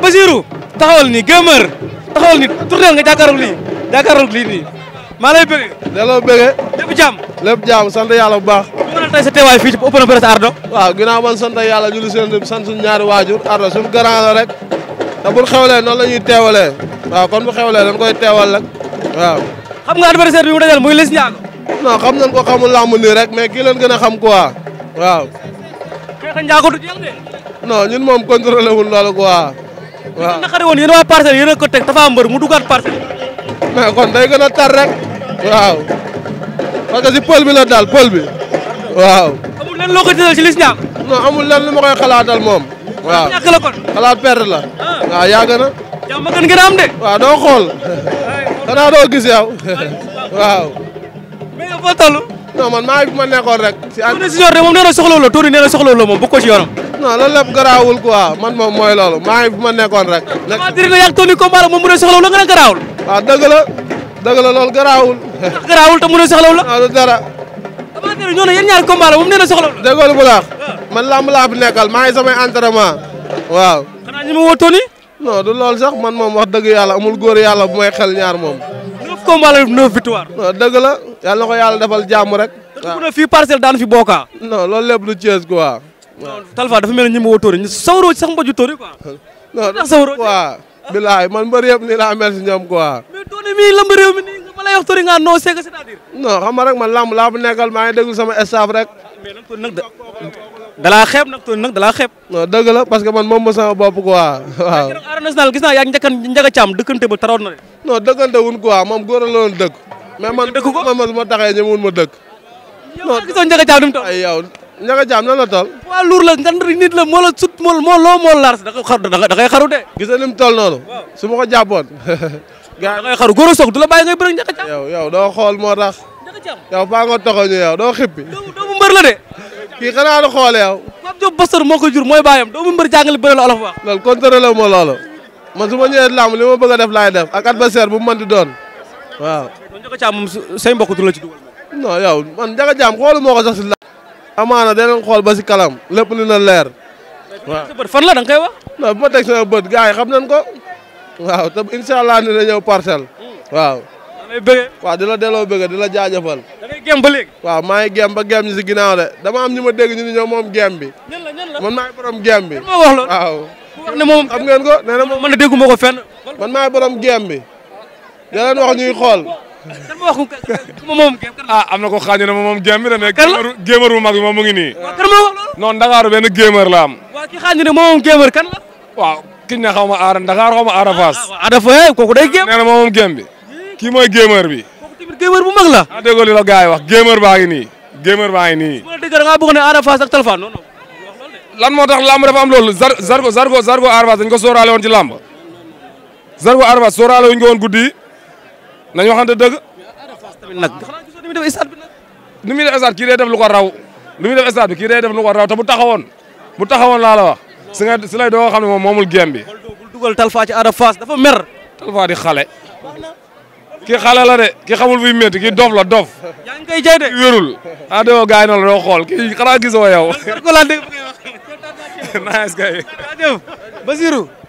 wala Basiirou taxawal ni gëmër taxawal ni tournel nga jàkkaarloog lii jàkkaarloog lii nii maa lay bëgg. delloo bëggee. lépp jàmm lépp jàmm sant yàlla bu baax. ñu mënal tey sa teewaay fii ci open presse Ardo. waaw ginnaaw man sant yàlla julli seen sant suñu ñaari waajur Ardo suñu grand la rek te bu xewlee noonu la ñuy teewalee waaw kon bu xewlee dañ koy teewal rek waaw. xam nga adversaire bi mu dajal muy Liss Ndiago. non xam nañ ko xamul làmb nii rek mais kii leen gën a xam quoi waaw. xeex Ndiago du jël de. non ñun moom contrôlé wul waaw naqari woon yéen waa parcelle yéen a ko teg dafa mbër parcelle. mais kon day gën a tar waaw parce si pël bi la daal pël bi waaw. amul lenn loo ko si Liss Ndiago. non amul lenn lu ma koy xalaatal moom. waaw ñàkk la kon. xalaat perte la. Ah. waaw yàgg na. jàmm gën gën a am de. waaw doo xool xanaa doo gis yow waaw. mais yow foo toll. non man maa ngi fi ma nekkoon rek. si bu dee si ko ci yoonam. non loolu lépp garaawul quoi man moom mooy loolu maa ngi fi ma nekkoon rek. nekk waaw diri na yaa ngi toll nii combat la moom mu ne soxlawul la nga ne garaawul. waaw ah, dëgg la dëgg la loolu garaawul. garaawul te mu ne la. waaw ah, du dara. damaa ñaari combat moom nee na soxlawul. déggoo bu man lamb laa fi nekkal maa sa samay entraînement waaw. xanaa ñu ma woo Tony. non du loolu sax man moom wax dëgg yàlla amul góor yàlla bu may xel ñaar moom. neuf combat la neuf victoire. rek. waaw te fii parcelle daan fi bookaa. non Talfa dafa mel ni ñi ma woo tóori ñu sawroo ci sax mbaju tóori quoi. non ndax sawroo quoi. bilaay man mbër yëpp nii laa mel si ñoom quoi. mais doone mii lamb réew mi nii ma lay wax tóori nga non c'est que cest à rek man la laa bu nekkal maa ngi déglu sama staff rek. mais nag tóori nag da nag tóori nag dalaa la parce que man moom ma sama bopp quoi waaw. arène nationale gis naa yaa ngi njëkkan njaga caam dëkkante ba taroon na de. non dëkkante wuñ quoi moom góor la doon dëkk. mais man dëkk ko man man su ma taxee ñëwul ay yow ñaga jaam nan la toll. waa luur la nga nit la moo la sut moo moo loo moo laar da ngay xaru de. gis nga ni mu toll noonu. su ma ko jàppoon. gaa da ngay xaru góor a soog du la bàyyi ngay bëri ñaga jaam. yow yow doo xool moo tax. ñaga jaam yow faa nga toxoñu yow doo xippi. doomu doomu mbër la de. kii xanaa du xool yow. Pape Diop Bosor moo ko jur mooy bàyyam doomu mbër jàngale bëri la olof wax. loolu contrôlé wu ma loolu. man su ma ñëwee làmb li ma bëgg a def laay def ak adversaire bu mu mën di doon waaw. ñaga jaam moom say mbokk du la ci dugal. non yow man ñaga jaam xoolu moo ko sax si amaana danañ xool ba si kalam lépp lu na leer. waaw fan la da nga koy wax. non ma teg sama bët gars yi xam nañ ko waaw te incha allah dina ñëw parcelle. waaw. da ngay waaw di la delloo bëgg di la jaajëfal. da ngay gem ba léegi. waaw maa de dama am ñu ma dégg ñu ni ñoom moom gem bi. ñan la ñan la ma ko nee na moom. ko fenn. man maay borom gem bi. di leen wax ñuy xool. kan ma wax ko am na ko xaaju ne ma moom géem bi de mais. géemaru géemaru mag bi moom mu ngi nii. waaw kan ma wax loolu. non Ndakaaru benn géemar la am. waaw ki xaaju ne moom géemar kan la. waaw kiñ ne xaw ma aara Ndakaar xaw ma ah, ah, eh, bi kii mooy géemar bi. kooku tamit géemar bu mag la. ah déggoo li la gars yi wax géemar baa ngi ni géemar baa ngi nii. su ma la déggee da ngaa bëgg ne aara Faas ak Talfa non non. lan moo tax lamb dafa am loolu Zargo Zargo Zargo aara Faas dañ ko sóoraale woon ci lamb Zargo aara Faas sóoraale wuñ ko woon nañu waxante dëgg. nag nu mu def stade kii day def lu ko raw lu muy def stade bi kii day def lu ko raw te bu taxawoon bu taxawoon laa la wax si nga si lay doo xam ne moom moomul gem bi. dugal Talfa ci Ada Fass dafa mer. Talfa di xale. ki xale la de ki xamul buy métti ki dof la dof. yaa ngi koy jay de wérul. Ah, xool kii xanaa gisoo yow. man kër ko laa